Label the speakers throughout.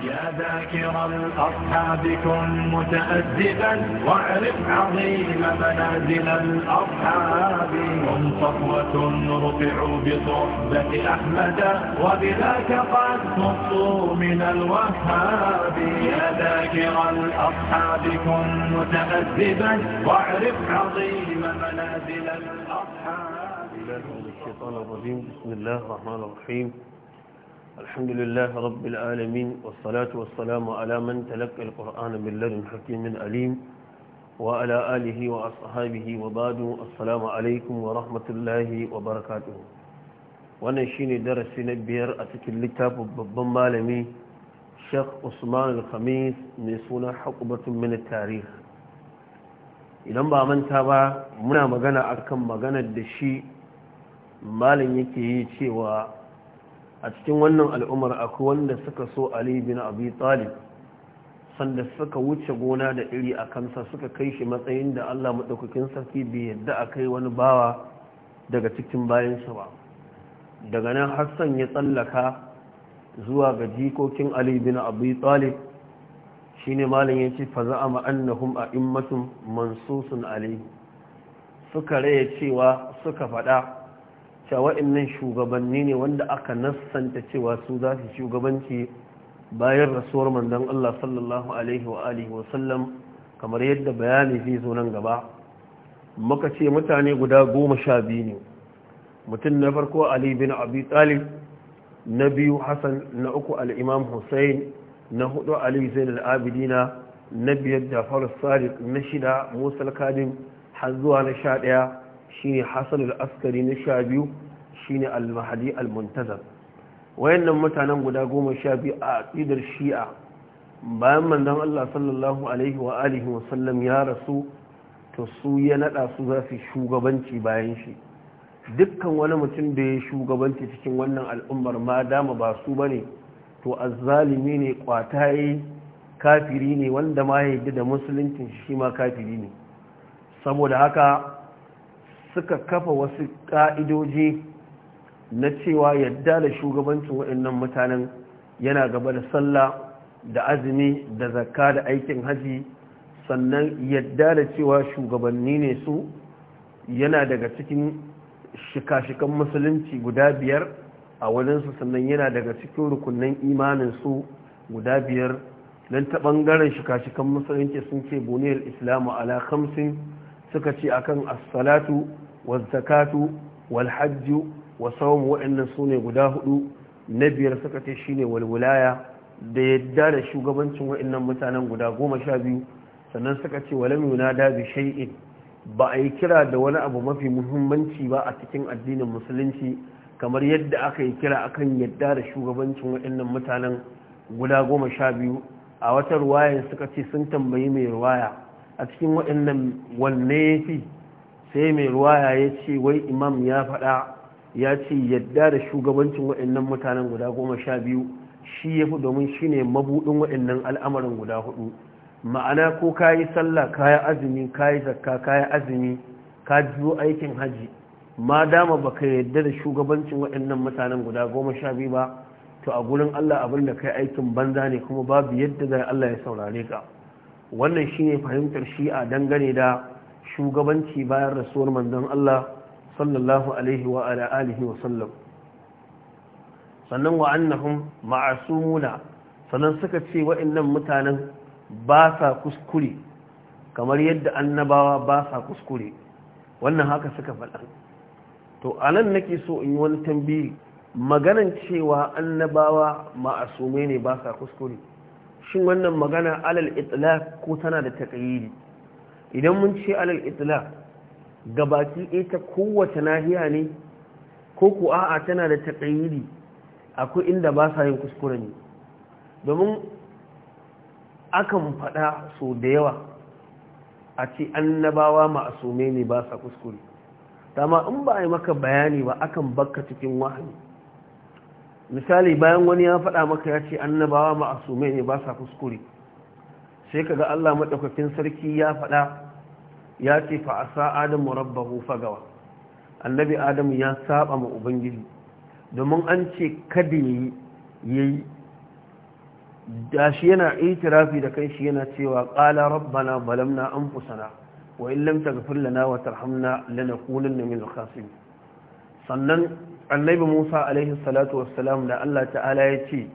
Speaker 1: يا ذاكر الأصحاب كن متأدبا واعرف عظيم منازل الأصحاب هم صفوة رفعوا بصحبة أحمد وبذاك قد نصوا من الوهاب يا ذاكر الأصحاب كن متأدبا واعرف عظيم منازل الأصحاب بسم الله الرحمن الرحيم الحمد لله رب العالمين والصلاة والسلام على من تلقى القرآن من لدن حكيم أليم وعلى آله وأصحابه وبعد السلام عليكم ورحمة الله وبركاته wannan shine darasi na biyar a cikin littafin babban malami Sheikh Usman al mai suna Haqubatun tarih idan ba manta ba muna magana akan maganar da shi malam yake yi cewa a cikin wannan al'ummar, akwai wanda suka so ali bin abi talib sanda suka wuce gona da iri a kansa suka kai shi matsayin da allah maɗaukakin sarki bai yadda a kai wani bawa daga cikin bayansa ba daga nan hassan ya tsallaka zuwa ga jikokin ali bin abi talib shine malam ya ce fa za'ama a a'immatun mansusun alayhi suka raya cewa suka faɗa. cewa wa'annan shugabanni ne wanda aka nassanta cewa su za su shugabanci bayan rasuwar mandan Allah sallallahu alaihi wa alihi wa sallam kamar yadda bayani zai zo nan gaba muka ce mutane guda goma sha biyu ne mutum na farko Ali bin Abi Talib na biyu Hassan na uku al’imam imam Hussein na hudu Ali Zain al’abidina na biyar Jafar Sadiq na shida Musa al-Kadim har zuwa na sha ɗaya shine hasan al'askari askari na sha biyu Shi ne al mahadi al-muntazar wayannan mutanen guda goma sha biyu a tsidar shi'a bayan manzon Allah sallallahu alaihi wa alihi wasallam ya rasu to su ya naɗa su za su shugabanci bayan shi dukkan wani mutum da ya shugabanci cikin wannan al'ummar ma dama ba su ba ne, to azzalimi ne kwataye kafiri ne wanda ma ya yi da musuluncin shi ma kafiri ne saboda haka suka kafa wasu ƙa'idoji na cewa yadda da shugabancin waɗannan mutanen yana gaba da sallah da azumi da zakka da aikin haji sannan yadda da cewa shugabanni ne su yana daga cikin shika-shikan musulunci guda biyar a wajensu sannan yana daga cikin rukunin imanin su guda biyar don ta ɓangaren shika-shikan musulunci sun ce buniyar islamu ala kamsin suka ce akan as-salatu wazzakatu walhajju wa waɗannan su sune guda hudu na biyar suka ce shine walwulaya da yadda da shugabancin waɗannan mutanen guda goma sha biyu sannan suka ce walam yunada bi shay'in ba a yi kira da wani abu mafi muhimmanci ba a cikin addinin musulunci kamar yadda aka yi kira akan yadda da shugabancin waɗannan mutanen guda goma sha biyu a wata ruwayan suka ce sun tambayi mai ruwaya a cikin waɗannan wanne ya fi sai mai ruwa ya ce wai imam ya faɗa ya ce yadda da shugabancin waɗannan mutanen guda goma sha biyu shi ya fi domin shi ne mabuɗin waɗannan al'amarin guda hudu ma'ana ko ka yi sallah ka yi azumi ka yi zakka ka yi azumi ka biyo aikin haji ma dama ba ka yadda da shugabancin waɗannan mutanen guda goma sha biyu ba to a gurin allah abin da kai aikin banza ne kuma babu yadda da allah ya saurare ka wannan shine fahimtar shi'a dangane da shugabanci bayan rasuwar manzon Allah sallallahu alaihi wa ala alihi wa sallam sannan wa annahum ma'asumuna sannan suka ce wa'annan mutanen ba sa kuskure kamar yadda annabawa ba sa kuskure wannan haka suka faɗa to anan nake so in yi wani tambayi maganan cewa annabawa ma'asume ne ba sa kuskure shin wannan magana alal itlaq ko tana da taqyidi idan mun ce alal itla gabaki ita kowace nahiya ne ko ku a'a tana da taƙayyidi akwai inda ba sa yin kuskure ne domin akan faɗa so da yawa a ce annabawa ma'asume ne ba sa kuskure dama in ba a yi maka bayani ba akan bakka cikin wahani misali bayan wani ya faɗa maka ya ce annabawa ma'asume ne ba sa kuskure sai ka ga Allah maɗaukakin sarki ya faɗa ya ce fa asa adamu rabbahu fagawa annabi adamu ya saba ma ubangiji domin an ce kada ya yi. da shi yana itirafi da kai shi yana cewa ƙala rabbana balamna anfusana wa in lam taghfir lana wa tarhamna lanakunanna na al-khasirin sannan annabi Musa alaihi salatu wassalam da Allah ta'ala ya ce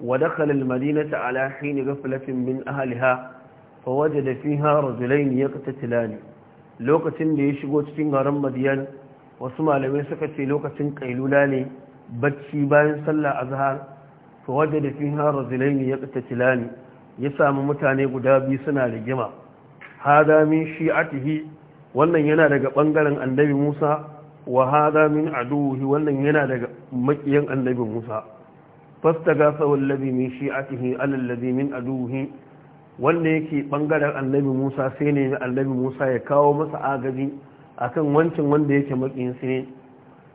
Speaker 1: wa dakhala al-madinata ala hin ghaflatin min ahliha da fa wajada fiha rajulayn yaqtatilani lokacin da ya shigo cikin garin Madiyan wasu malamai suka ce lokacin kailula ne bacci bayan sallah azhar fa da fiha rajulayn yaqtatilani ya ya samu mutane guda biyu suna rigima hada min shi'atihi wannan yana daga bangaren annabi Musa wa hada min aduhi wannan yana daga makiyan annabi Musa fastaga sawal ladhi min shi'atihi alal ladhi min aduhi wanda yake bangaren annabi musa sai ne annabi musa ya kawo masa agaji akan wancan wanda yake makin sai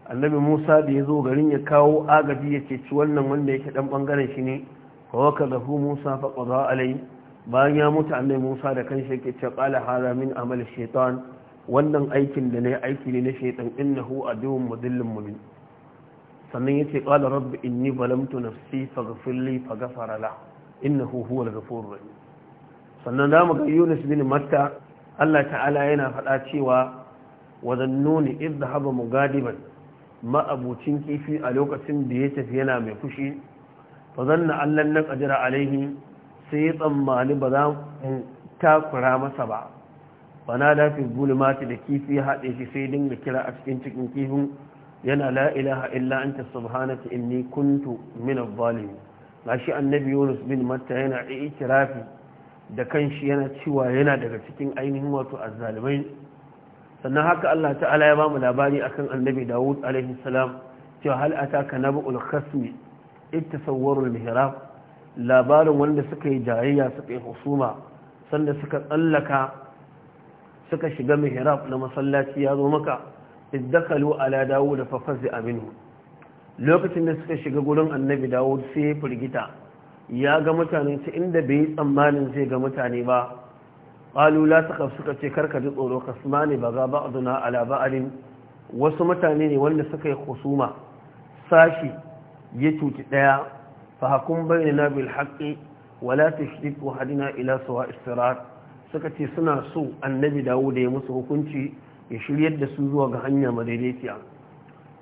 Speaker 1: annabi musa da ya zo garin ya kawo agaji ya ceci wannan wanda yake dan bangaren shi ne fa waka lahu musa fa qada alai bayan ya mutu annabi musa da kanshi ke ce qala hada min amal shaitan wannan aikin da ne aiki ne na shaitan innahu aduwwun mudillun mubin sannan yace qala rabbi inni balamtu nafsi faghfir li innahu huwal ghafurur rahim sannan za mu ga yunus bin matta allah ta'ala yana faɗa cewa wazannuni idda haba mugadiban ma'abucin kifi a lokacin da ya tafi yana mai fushi ba zanna allan na ƙajira alaihi sai ya tsammani ba za mu takura masa ba bana da fi gulmati da kifi ya haɗe shi sai dinga kira a cikin cikin kifin yana la ilaha illa anta subhanaka inni kuntu min adh-dhalimin gashi annabi yunus bin matta yana ikirafi da kanshi yana cewa yana daga cikin ainihin wato azzalimai sannan haka Allah ta'ala ya ba mu labari akan annabi Dawud alaihi salam cewa hal ataka nabul khasmi ittasawwaru al-mihrab labarin wanda suka yi jayayya suka yi husuma sanda suka tsallaka suka shiga mihrab na masallaci ya zo maka iddakalu ala Dawud fa fazi aminu lokacin da suka shiga gurin annabi Dawud sai firgita ya ga mutane ta inda bai yi tsammanin zai ga mutane ba Ƙalula suka suka ce karka ji tsoro kasma ne ba za ba a zuna a ba'arin wasu mutane ne wanda suka yi husuma sashi ya cuci ɗaya fa hakun bayyana bil haƙƙi wala tashrik wa hadina ila suwa istirar suka ce suna so annabi dawo da ya musu hukunci ya shiryar da su zuwa ga hanya madaidaitiya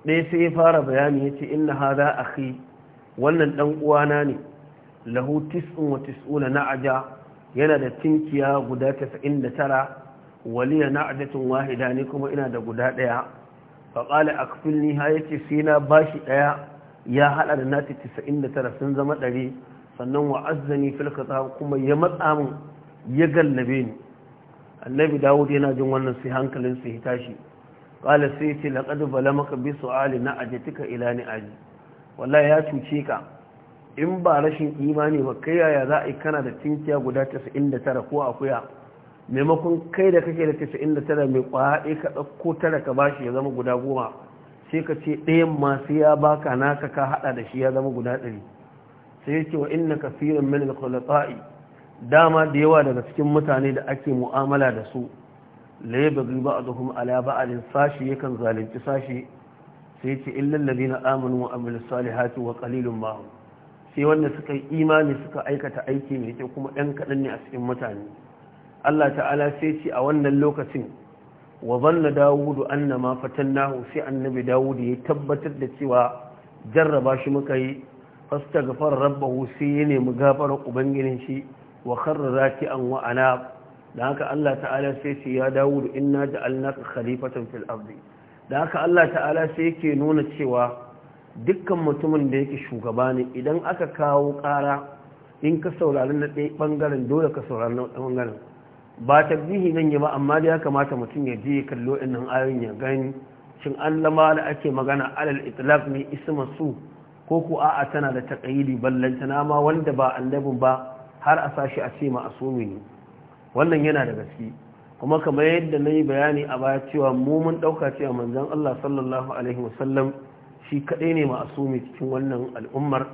Speaker 1: ɗaya sai ya fara bayani ya ce inna hada akhi wannan ɗan uwana ne lahu tis'un wa tis'una na'aja yana da tinkiya guda 99 waliya na'ajatun wahida ne kuma ina da guda daya fa qala akfilni ha yace sai na bashi daya ya hada da nati 99 sun zama 100 sannan wa azzani fil khitab kuma ya matsa mun ya gallabe ni annabi dawud yana jin wannan sai hankalin ya tashi qala sai ce laqad balamaka bi su'ali na'ajatika ila aji. wallahi ya cuce ka in ba rashin imani ba kai yaya za a yi kana da tinkiya guda 99 ko akuya maimakon kai da kake da tara mai kwaya ka ɗauko tara ka ba shi ya zama guda goma sai ka ce ɗayan masu ya baka naka ka haɗa da shi ya zama guda ɗari sai yake wa inna firin min al dama da yawa daga cikin mutane da ake mu'amala da su la ba ba'dhum ala ba'din sashi yakan zalunci sashi sai yake illal na amanu wa amilus salihati wa qalilun ma sai wanda suka yi imani suka aikata aiki mai kyau kuma ɗan kaɗan ne a cikin mutane Allah ta'ala sai ce a wannan lokacin wa zanna dawudu annama fatannahu sai annabi dawudu ya tabbatar da cewa jarraba shi muka yi fastaghfar rabbahu sai ya nemi gafarar ubangijin shi wa kharra raki'an wa ana dan haka Allah ta'ala sai ce ya dawudu inna ja'alnaka khalifatan fil ardi dan haka Allah ta'ala sai yake nuna cewa dukkan mutumin da yake shugaba ne idan aka kawo kara in ka saurari na ɗaya ɓangaren dole ka saurari na ɓangaren ba bihi nan yi ba amma da ya kamata mutum ya je ya kallo innan ayoyin ya gani shin an lama da ake magana alal itlaq ne isma su ko ku a'a tana da taqayidi ballanta na ma wanda ba annabin ba har a sashi a ce ma asumi ne wannan yana da gaske kuma kamar yadda na yi bayani a baya cewa mu mun ɗauka cewa manzon Allah sallallahu alaihi wasallam shi kaɗai ne ma'asumi cikin wannan al'ummar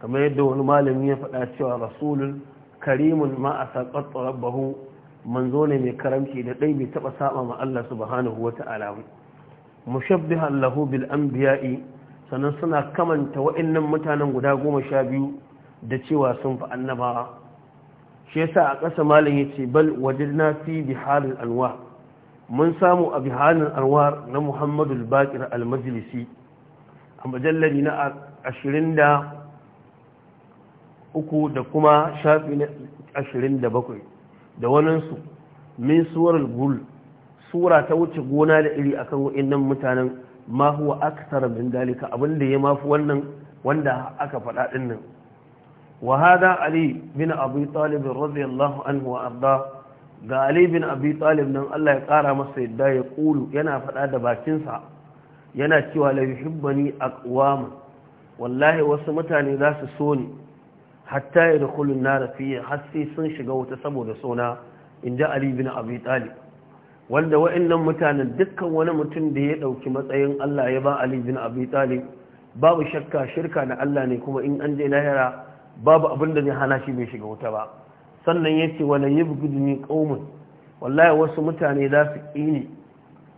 Speaker 1: kamar yadda wani malami ya faɗa cewa rasulun karimun ma a saƙaƙa rabbahu manzo ne mai karamci da ɗai bai taɓa saɓa ma Allah subhanahu wa ta'ala shabbi lahu bil anbiya'i sannan suna kamanta wa'annan mutanen guda goma sha biyu da cewa sun fi annabawa shi yasa a ƙasa malam yace bal wajadna fi bihalil anwar mun samu a bihalil anwar na Muhammadu al-Baqir al-Majlisi a majallari na ashirin da kuma shafi na ashirin da bakwai da waninsu min suwarar gul sura ta wuce gona da iri akan wa'innan mutanen ma huwa aksar min dalika abinda ya mafi wannan wanda aka faɗa ɗinnan wa hada ali bin abu talib radiyallahu anhu wa arda ga ali bin abi talib nan Allah ya kara masa yadda ya kulu yana faɗa da bakinsa yana cewa la yuhibbani aqwam wallahi wasu mutane za su so ni hatta yadkhulun nar fi har sai sun shiga wuta saboda sona inda ali bin abi talib wanda wa'annan mutanen dukkan wani mutum da ya dauki matsayin Allah ya ba ali bin abi talib babu shakka shirka na Allah ne kuma in an je lahira babu abin da zai hana shi bai shiga wuta ba sannan yace wala yabghidni qaumun wallahi wasu mutane za su kini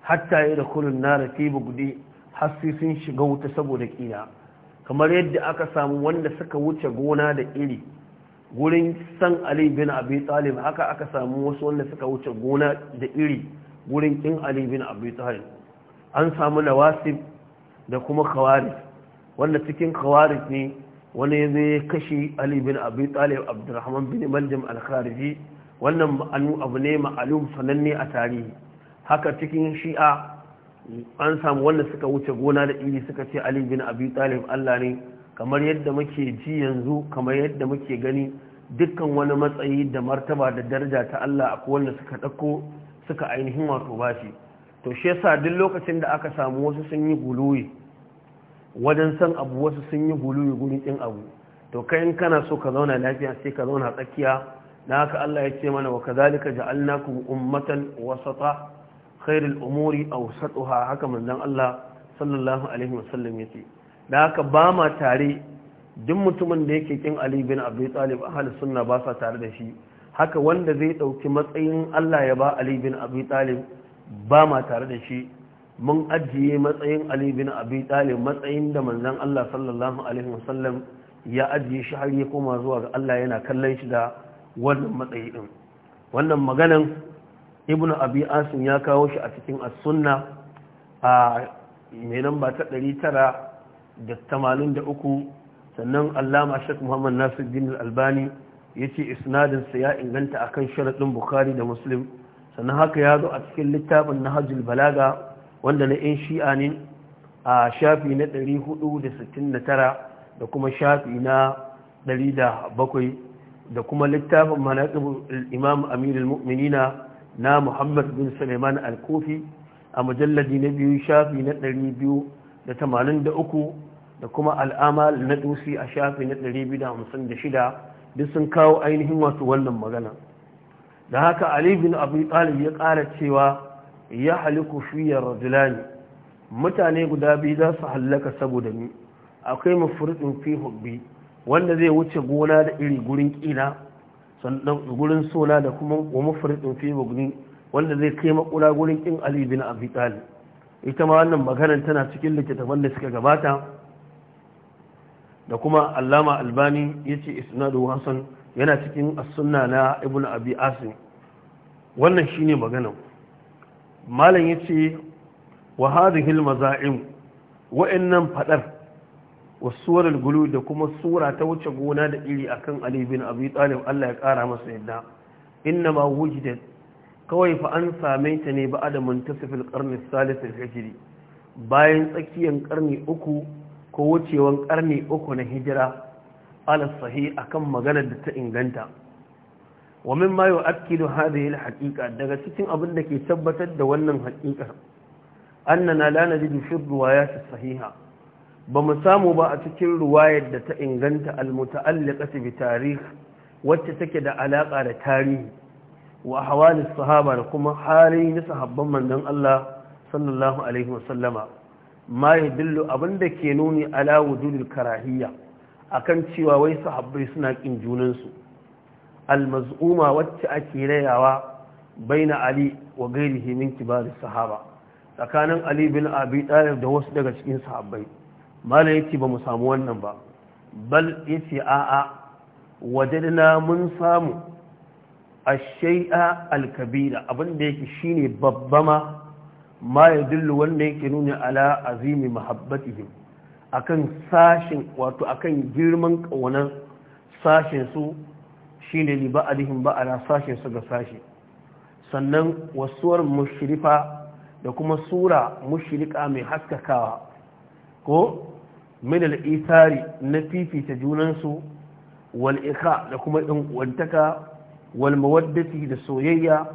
Speaker 1: hatta ya da kulun na fi bugudi hasi sun shiga wuta saboda ƙina kamar yadda aka samu wanda suka wuce gona da iri gurin san ali bin abi talib haka aka samu wasu wanda suka wuce gona da iri gurin kin ali bin abi talib an samu nawasib da kuma khawarij wanda cikin khawarij ne wani ya kashe ali bin abi talib abdurrahman bin maljim al-khariji wannan abu ne ma'alum sananne a tarihi haka cikin shi'a an samu wanda suka wuce gona da iri suka ce ali bin abi talib allah ne kamar yadda muke ji yanzu kamar yadda muke gani dukkan wani matsayi da martaba da daraja ta allah a wanda suka ɗauko suka ainihin wato bashi to shi yasa duk lokacin da aka samu wasu sun yi guluwi wajen san abu wasu sun yi guluwi guri ɗin abu to kai in kana so ka zauna lafiya sai ka zauna tsakiya na haka Allah ya ce mana wa kazalika ja'alnakum ummatan wasata khairul umuri awsatuha haka manzon Allah sallallahu alaihi wasallam yace da haka ba ma tare duk mutumin da yake kin Ali bin Abi Talib ahlus sunna ba sa tare da shi haka wanda zai dauki matsayin Allah ya ba Ali bin Abi Talib ba ma tare da shi mun ajiye matsayin Ali bin Abi Talib matsayin da manzon Allah sallallahu alaihi wasallam ya ajiye shi har ya koma zuwa ga Allah yana kallon shi da wannan matsayi din wannan maganan ibnu abi asim ya kawo shi a cikin as-sunna a mai ba ta 983 sannan allama shek muhammad nasiruddin al-albani yace isnadin sa ya inganta akan sharadin bukhari da muslim sannan haka ya zo a cikin littafin nahjul balaga wanda na in shi'a ne a shafi na 469 da kuma shafi na 107 da kuma littafin manaqibul imam amirul mu'minina na muhammad bin suleiman al kofi a mujalladi na biyu shafi na 283 da kuma al'amal na dusi a shafi na 256 duk sun kawo ainihin wasu wannan magana da haka ali bin abu talib ya ƙara cewa ya haliku rajulani mutane guda biyu za su hallaka saboda ni akwai mafurɗin fi hubbi wanda zai wuce gona da iri gurin ƙina sannan gurin sola da kuma wa mufridin fi bugni wanda zai kai makura gurin kin ali bin abi talib ita ma wannan maganar tana cikin littattafan da suka gabata da kuma allama albani yace isnadu hasan yana cikin as na ibnu abi asim wannan shine maganar malam yace wa hadhihi al-maza'im wa'annan fadar wasuwar gulu da kuma sura ta wuce gona da iri akan Ali bin Abi Talib Allah ya kara masa yadda inna ma wujidat kawai fa an same ta ne ba'da muntasifil qarni salis al-hijri bayan tsakiyar ƙarni uku ko wucewan ƙarni uku na hijira ala sahih akan maganar da ta inganta wa mimma yu'akkidu hadhihi al-haqiqa daga cikin abin da ke tabbatar da wannan haqiqa annana la najidu fi riwayat sahiha ba mu samu ba a cikin ruwayar da ta inganta almuta'alliqati bi tarihi wacce take da alaƙa da tarihi wa ahwalis sahaba da kuma hali na sahabban manzon Allah sallallahu alaihi wasallama ma yadullu abinda ke nuni ala karahiya, karahiyya akan cewa wai sahabbai suna kin junan su almaz'uma wacce ake rayawa baina ali wa gairihi min sahaba tsakanin ali bin abi talib da wasu daga cikin sahabbai malam yace ba mu samu wannan ba bal yace a'a wajadna mun samu ash-shay'a al-kabira abinda yake shine babba ma ma yadullu wanda yake nuna ala azimi mahabbatihim akan sashin wato akan girman kaunar sashin su shine li ba'alihim ba'ala sashin su ga sashi sannan wasuwar mushrifa da kuma sura mushrika mai haskakawa ko min al'isari na fifita junansu wal ikha da kuma ɗin wantaka wal mawaddati da soyayya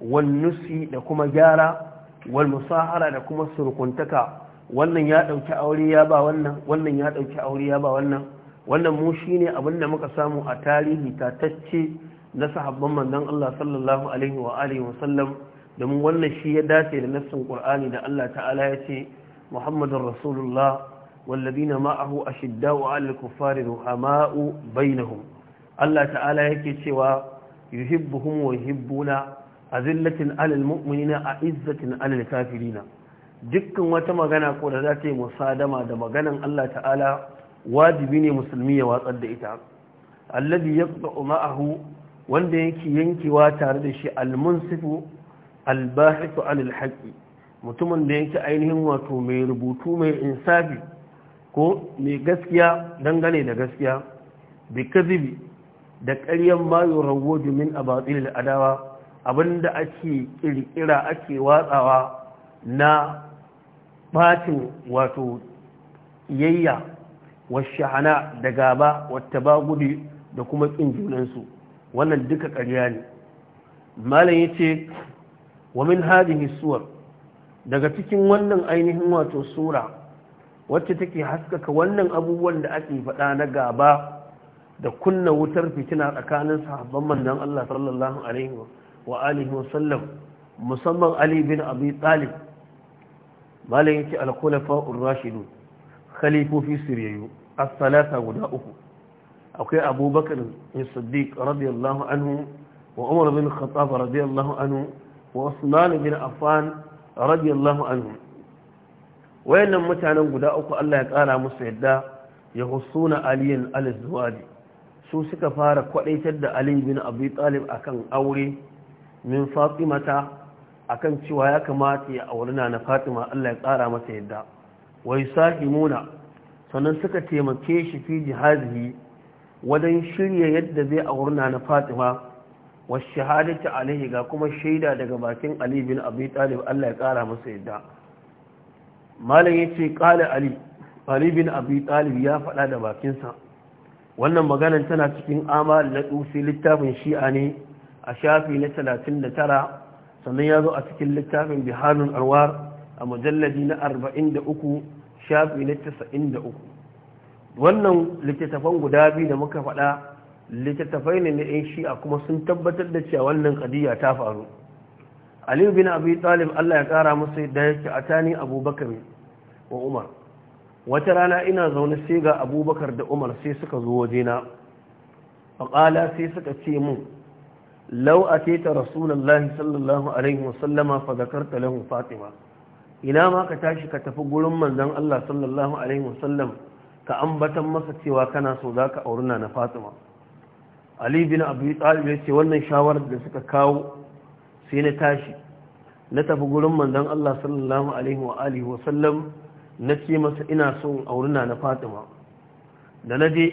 Speaker 1: wal nusi da kuma gyara wal musahara da kuma surkuntaka wannan ya ɗauki aure ya ba wannan wannan ya ɗauki aure ya ba wannan wannan mu shine abin da muka samu a tarihi tatacce na sahabban manzon Allah sallallahu alaihi wa alihi wa sallam domin wannan shi ya dace da nassin Qur'ani da Allah ta'ala ya ce Muhammadur Rasulullah والذين معه أشداء على الكفار رحماء بينهم الله تعالى يكي سوى يحبهم ويحبون أذلة على المؤمنين أعزة على الكافرين dukkan wata magana ko da za ta yi musadama da maganan Allah ta'ala wajibi ne musulmi ya watsar da ita alladhi yaqta'u ma'ahu wanda yake yankewa tare da shi al-munsifu al mutumin da yake ainihin wato mai rubutu mai insafi ko mai gaskiya dangane da gaskiya bi kazibi da ƙaryan mayu rawwaju min da adawa abinda ake kirkira ake watsawa na bacin wato yayya shahana da gaba wata bagudi da kuma ƙin junansu wannan duka ƙarya ne malam ya ce wa min hadihi suwar daga cikin wannan ainihin wato sura wacce take haskaka wannan abubuwan da ake faɗa na gaba da kunna wutar fitina tsakanin sahabban manzon Allah sallallahu alaihi wa alihi wa sallam musamman Ali bin Abi Talib malam yake al-khulafa ar-rashidun khalifofi siriyu as-salata guda uku akwai abubakar siddiq radiyallahu anhu wa umar bin khattab radiyallahu anhu wa usman bin affan radiyallahu anhu wayannan mutanen guda uku Allah ya kara musu yadda ya husuna aliyin al su suka fara kwadaitar da Ali bin Abi Talib akan aure min Fatimata akan cewa ya kamata ya aure na Fatima Allah ya kara masa yadda wai sahimuna sannan suka taimake shi fi jihazihi wajen shirya yadda zai aure na Fatima wa shahadatu alaihi ga kuma shaida daga bakin Ali bin Abi Talib Allah ya kara masa yadda malam ya ce ƙala ali ali bin abi ya faɗa da bakinsa wannan maganar tana cikin amal na ɗusi littafin shi'a ne a shafi na 39 sannan ya zo a cikin littafin bihanun arwar a mujalladi na 43 shafi na 93 wannan littattafan guda biyu da muka faɗa littattafai ne na 'yan shi'a kuma sun tabbatar da cewa wannan ƙadiyya ta faru Ali bin Abi Talib Allah ya kara masa yadda yake atani Abubakar wa Umar wata rana ina zaune sai ga Abubakar da Umar sai suka zo wajena faqala sai suka ce mun law atita rasulullahi sallallahu alaihi wasallama fa zakarta lahu Fatima ina ma ka tashi ka tafi gurin manzon Allah sallallahu alaihi wasallam ka ambatan masa cewa kana so zaka auri na Fatima Ali bin Abi Talib ya ce wannan shawarar da suka kawo sai na tashi na tafi gurin manzon Allah sallallahu alaihi wa alihi wa sallam na ce masa ina son aurina na Fatima da na je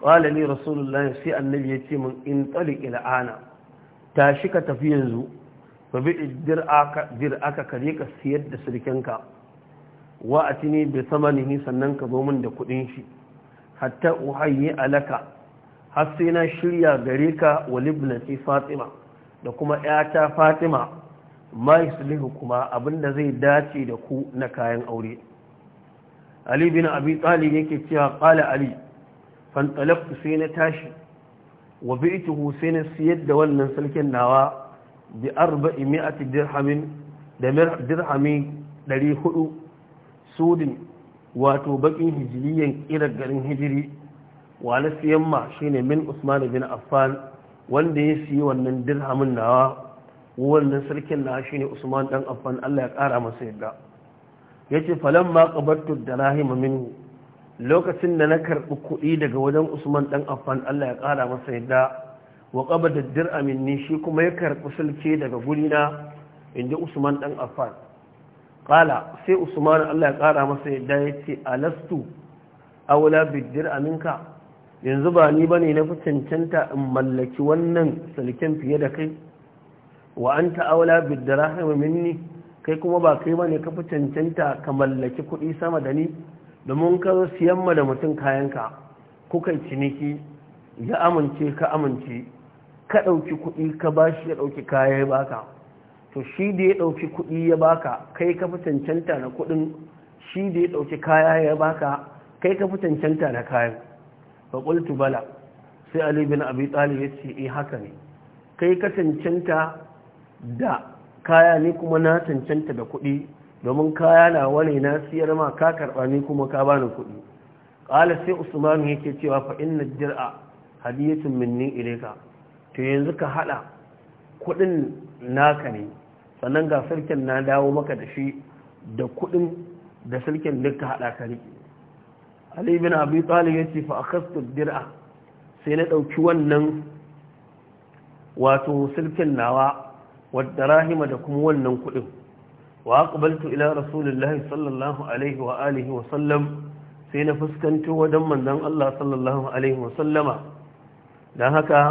Speaker 1: qala li rasulullahi sai annabi ya ce min in taliq il'ana tashi ka tafi yanzu fa bi dir'aka aka kaje ka siyar da sirkinka wa bai sama samanihi sannan ka zo min da kudin shi hatta uhayi alaka har sai na shirya gare ka wa libnati Fatima da kuma ‘yata fatima ma yuslihu kuma abinda zai dace da ku na kayan aure ali bin abi talib yake cewa kala ali fantalaqtu sai na tashi wa bi'tuhu sai na siyar da wannan sarkin nawa bi arba'i mi'ati dirhamin da dirhami 400 sudin wato bakin hijiriyan ƙirar garin hijiri wa na siyan ma shine min usman bin affan wanda ya siyi wannan dirhamin nawa wannan sarkin shi shine Usman dan Affan Allah ya kara masa yadda yace falamma da rahima minhu lokacin da na karɓi kuɗi daga wajen Usman dan Affan Allah ya kara masa yadda wa da dirhamin ni shi kuma ya karɓi sulke daga gurina ji Usman dan Affan ƙala sai Usman Allah ya kara masa yadda ya yace alastu aula bidir aminka yanzu ba ni bane na fi cancanta in mallaki wannan sulkin fiye da kai wa an ta'aula bidrahim minni kai kuma ba kai bane ka fi cancanta ka mallaki kuɗi sama da ni domin ka siyan ma da mutum kayanka kuka ciniki ya amince ka amince ka ɗauki kuɗi ka bashi ya ɗauki kaya ya baka to shi da ya ɗauki kuɗi ya baka kai ka fi cancanta na kuɗin shi da ya ɗauki kaya ya baka kai ka fi cancanta na kayan faƙultu bala sai ali bin abi ya ce eh haka ne kai ka cancanta da kaya ne kuma na cancanta da kuɗi domin kaya na wani na siyar ma ka karɓa ne kuma ka bani kuɗi ƙala sai usmanu yake cewa fa inna jir'a hadiyatun minni ilaika to yanzu ka haɗa kuɗin naka ne sannan ga sarkin na dawo maka da shi da kuɗin da sarkin duka haɗa ka riƙe Ali bin Abi Talib yace fa akhastu dir'a sai na ɗauki wannan wato silkin nawa wadda rahima da kuma wannan kuɗin wa aqbaltu ila rasulillahi sallallahu alaihi wa alihi wa sallam sai na fuskanto wadan manzon Allah sallallahu alaihi wa sallama dan haka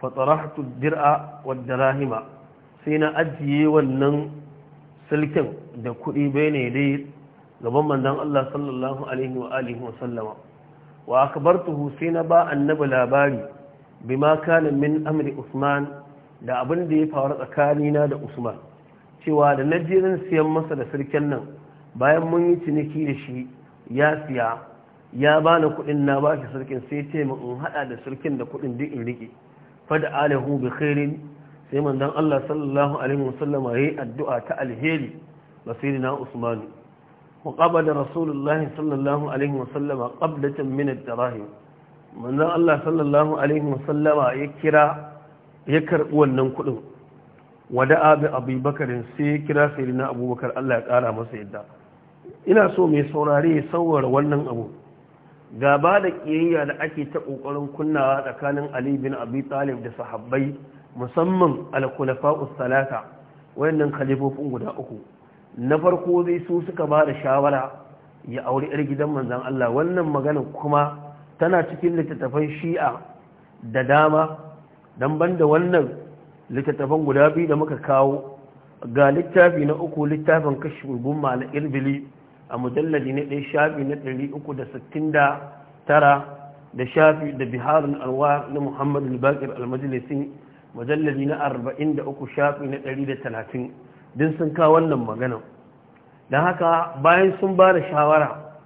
Speaker 1: fa tarahtu dir'a wadda rahima sai na ajiye wannan silkin da kudi bene dai gaban manzon Allah sallallahu alaihi wa alihi wa sallama wa akbartuhu sai na ba annabi labari bima kana min amri Usman da abin da ya faru tsakanina da Usman cewa da zan siyan masa da sirken nan bayan mun yi ciniki da shi ya siya ya bani kuɗin na ba shi sirkin sai ce min in haɗa da sirkin da kuɗin duk in riƙe fada alahu bi khairin sai manzon Allah sallallahu alaihi wasallam yayi addu'a ta alheri basirina Usman وقبل رسول الله صلى الله عليه وسلم قبلة من الدراهم من الله صلى الله عليه وسلم يكرا يكر wannan kuɗin. wada'a bi Abu Bakar sai kira sayyidina Abu Bakar Allah ya kara masa yadda ina so mai saurare ya saurara wannan abu gaba da ƙiyayya da ake ta ƙoƙarin kunnawa tsakanin Ali bin Abi Talib da sahabbai musamman al-khulafa'us salata wayannan khalifofin guda uku na farko zai su suka ba da shawara ya auri 'yar gidan manzan Allah wannan magana kuma tana cikin littattafan shi'a da dama don banda wannan littattafan guda biyu da muka kawo ga littafi na uku littafin kashi gumma na irbili a mujalladi na ɗaya shafi na ɗari uku da sittin da tara da shafi da biharin alwa na muhammadu bakir al-majalisi mujalladi na arba'in da uku shafi na ɗari da talatin din sun kawo wannan magana don haka bayan sun ba da shawara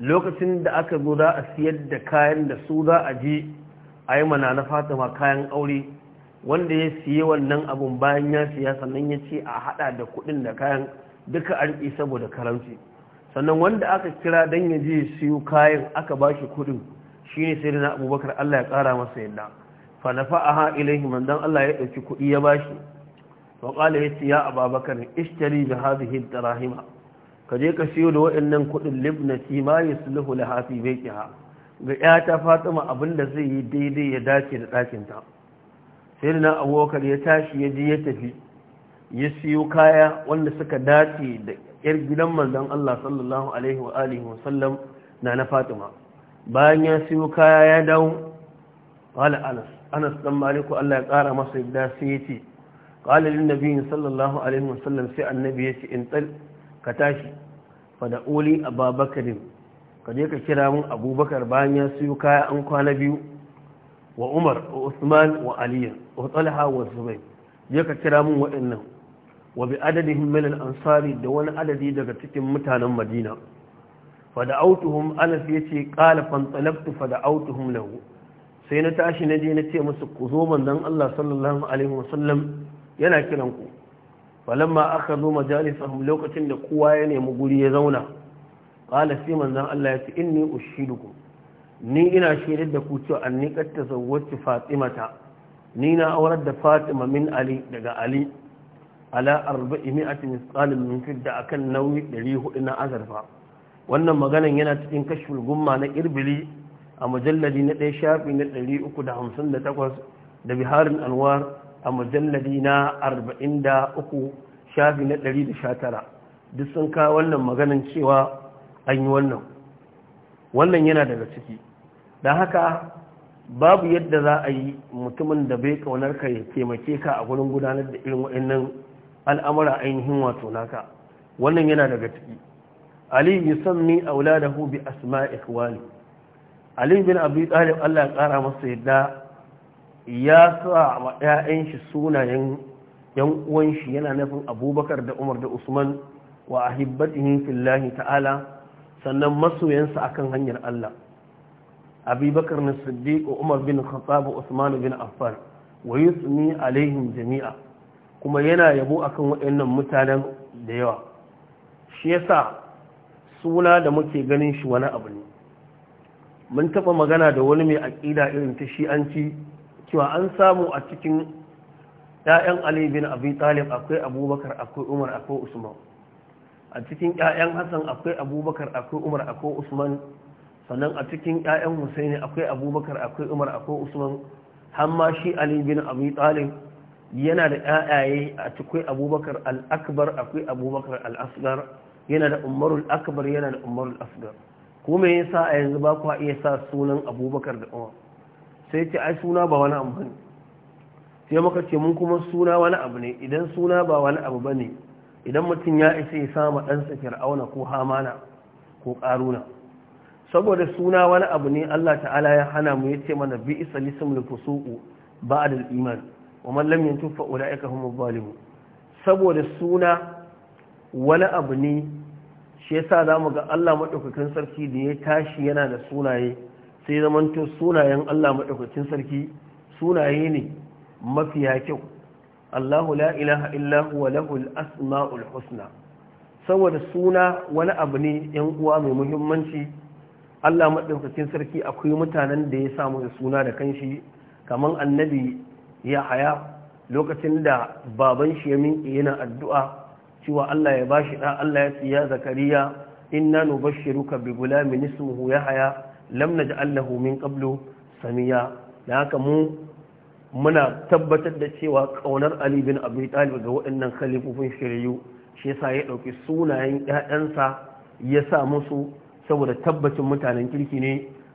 Speaker 1: lokacin da aka zo za a siyar da kayan da su za a je a yi mana na fatima kayan aure wanda ya siye wannan abun bayan ya siya sannan ya ce a hada da kudin da kayan duka arki saboda karamci sannan wanda aka kira don ya je siyo kayan aka ba shi kudin shine sai na abubakar allah ya kara masa yadda fa nafa'aha ilaihi manzon allah ya dauki kudi ya bashi faƙali ya ce ya ababakar ishtari da hazihin rahima ka je ka siyo da waɗannan kuɗin libnati ma yi sulhu da hafi bai ƙiha ga ya ta fatima abin da zai yi daidai ya dace da ɗakinta sai da na abokar ya tashi ya ji ya tafi ya siyo kaya wanda suka dace da ƴar gidan manzan allah sallallahu wasallam na na fatima bayan ya siyo kaya ya dawo wala anas anas dan maliku allah ya ƙara masa yadda sai ya ce قال للنبي صلى الله عليه وسلم سي النبي يتي انطل كتاشي فدعولي أبا بكر كديك كرام أبو بكر بانيا سيوكايا أنقال بيو وعمر وعثمان وعلي وطلحة والزبير ديك كرام وإنه وبعددهم من الأنصار دون عددي دقتكم متانا مدينة فدعوتهم أنا سيتي قال فانطلبت فدعوتهم له sai na tashi na je na ce musu ku zo manzon Allah sallallahu alaihi wasallam yana kiran ku falamma aka zo majalisahum lokacin da kowa ya nemi guri ya zauna qala sai manzon Allah ya ce inni ushidukum ni ina shaidar da ku cewa anni qad tazawwajtu fatimata ni na aurar da fatima min ali daga ali ala arba'imi'ati misqalin min fidda akan nauyi 400 na azarfa wannan maganan yana cikin kashful gumma na irbili a mujalladi na ɗaya shafi na 358 da biharin anwar a mujalladi na 43 shafi na 119 duk sun kawo wannan maganin cewa an yi wannan wannan yana daga ciki don haka babu yadda za a yi mutumin da bai kaunar ka ya taimake ka a gurin gudanar da irin wa'annan al'amura ainihin wato naka wannan yana daga ciki ali yusammi auladahu bi asma'i ikwali ali bin abi talib Allah ya kara masa yadda ya sa wa 'ya'yan shi sunayen yan uwan shi yana nufin abubakar da umar da usman wa a ahibbatihi fillahi ta'ala sannan masoyansa a kan hanyar Allah abubakar na siddiq umar bin khattab usman bin affar wa yusni alaihim jami'a kuma yana yabo a kan waɗannan mutanen da yawa shi ya sa suna da muke ganin shi wani abu ne mun taɓa magana da wani mai aƙida irin ta shi'anci cewa an samu a cikin ‘ya'yan Ali bin Abi Talib akwai Abubakar akwai Umar akwai Usman a cikin ‘ya'yan Hassan akwai Abubakar akwai Umar akwai Usman sannan a cikin ‘ya'yan Husaini akwai Abubakar akwai Umar akwai Usman hamma shi Ali bin Abi Talib yana da ‘ya'yaye a cikin Abubakar al’akbar akwai Abubakar al’asgar yana da Umarul Akbar yana da Umarul Asgar kuma yasa a yanzu ba ku iya sa sunan Abubakar da Umar sai ce ai suna ba wani abu bane sai muka ce mun kuma suna wani abu ne idan suna ba wani abu bane idan mutum ya isa ya sama ɗansa fir'auna ko hamana ko karuna saboda suna wani abu ne Allah ta'ala ya hana mu ya ce mana bi ism li lufusuku da iman wa mallam yin tuffa ula'ika hum zalimu saboda suna wani abu ne shi yasa zamu ga Allah madaukakin sarki da ya tashi yana da sunaye sai zamanto sunayen Allah maɗaukacin sarki sunaye ne mafiya kyau Allahu la ilaha illa huwa lahul asma'ul husna saboda suna wani abu ne yan uwa mai muhimmanci Allah maɗaukacin sarki akwai mutanen da ya samu da suna da kanshi kamar annabi ya haya lokacin da baban shi ya minke yana addu'a cewa Allah ya bashi da Allah ya tsiya zakariya inna nubashshiruka bi gulamin ismuhu ya haya lam naj'al lahu min qablu samiya da haka mu muna tabbatar da cewa ƙaunar Ali bin Abi Talib ga waɗannan khalifofin shiriyu shi yasa ya ɗauki sunayen ƴaƴansa ya sa musu saboda tabbacin mutanen kirki ne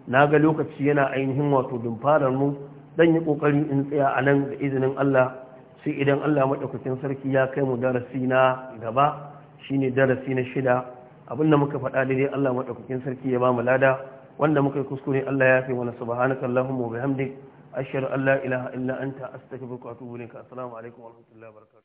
Speaker 1: na ga lokaci yana ainihin wato dumfarar mu dan yi kokari in tsaya a nan da izinin Allah sai idan Allah madaukakin sarki ya kai mu darasi na gaba shine darasi na shida abinda muka faɗa dai Allah madaukakin sarki ya ba mu lada wanda muka yi kuskure Allah ya fi wani subhanaka Allahumma wa bihamdik ashhadu an la ilaha illa anta astaghfiruka wa atubu ilaik assalamu alaikum wa rahmatullahi wa barakatuh